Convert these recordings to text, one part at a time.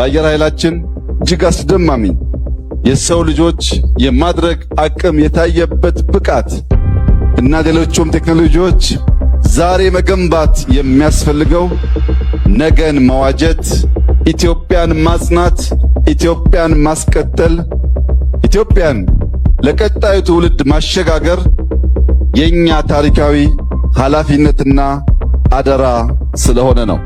በአየር ኃይላችን እጅግ አስደማሚ የሰው ልጆች የማድረግ አቅም የታየበት ብቃት እና ሌሎቹም ቴክኖሎጂዎች ዛሬ መገንባት የሚያስፈልገው ነገን መዋጀት፣ ኢትዮጵያን ማጽናት፣ ኢትዮጵያን ማስቀጠል፣ ኢትዮጵያን ለቀጣዩ ትውልድ ማሸጋገር የኛ ታሪካዊ ኃላፊነትና አደራ ስለሆነ ነው።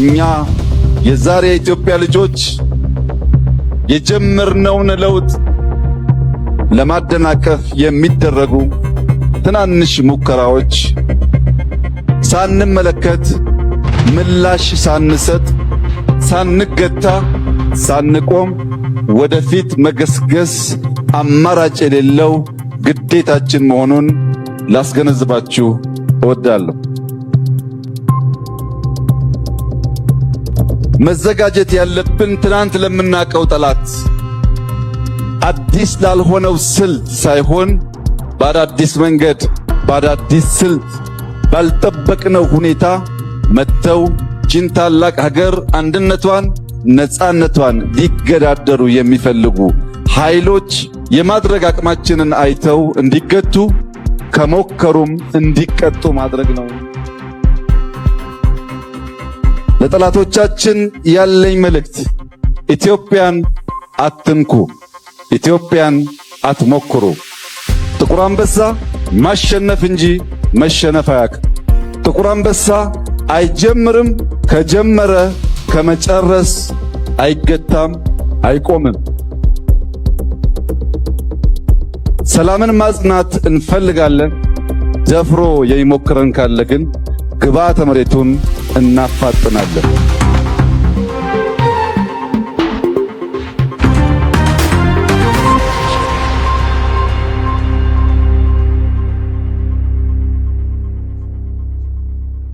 እኛ የዛሬ የኢትዮጵያ ልጆች የጀመርነውን ለውጥ ለማደናቀፍ የሚደረጉ ትናንሽ ሙከራዎች ሳንመለከት፣ ምላሽ ሳንሰጥ፣ ሳንገታ፣ ሳንቆም ወደፊት መገስገስ አማራጭ የሌለው ግዴታችን መሆኑን ላስገነዝባችሁ እወዳለሁ። መዘጋጀት ያለብን ትናንት ለምናቀው ጠላት አዲስ ላልሆነው ስልት ሳይሆን በአዳዲስ መንገድ በአዳዲስ ስልት ባልጠበቅነው ሁኔታ መጥተው ጅን ታላቅ ሀገር አንድነቷን ነጻነቷን ሊገዳደሩ የሚፈልጉ ኃይሎች የማድረግ አቅማችንን አይተው እንዲገቱ ከሞከሩም እንዲቀጡ ማድረግ ነው። ለጠላቶቻችን ያለኝ መልእክት ኢትዮጵያን አትንኩ፣ ኢትዮጵያን አትሞክሩ። ጥቁር አንበሳ ማሸነፍ እንጂ መሸነፍ አያቅ። ጥቁር አንበሳ አይጀምርም፣ ከጀመረ ከመጨረስ አይገታም፣ አይቆምም። ሰላምን ማጽናት እንፈልጋለን። ደፍሮ የሚሞክረን ካለ ግን ግብዓተ መሬቱን እናፋጥናለን።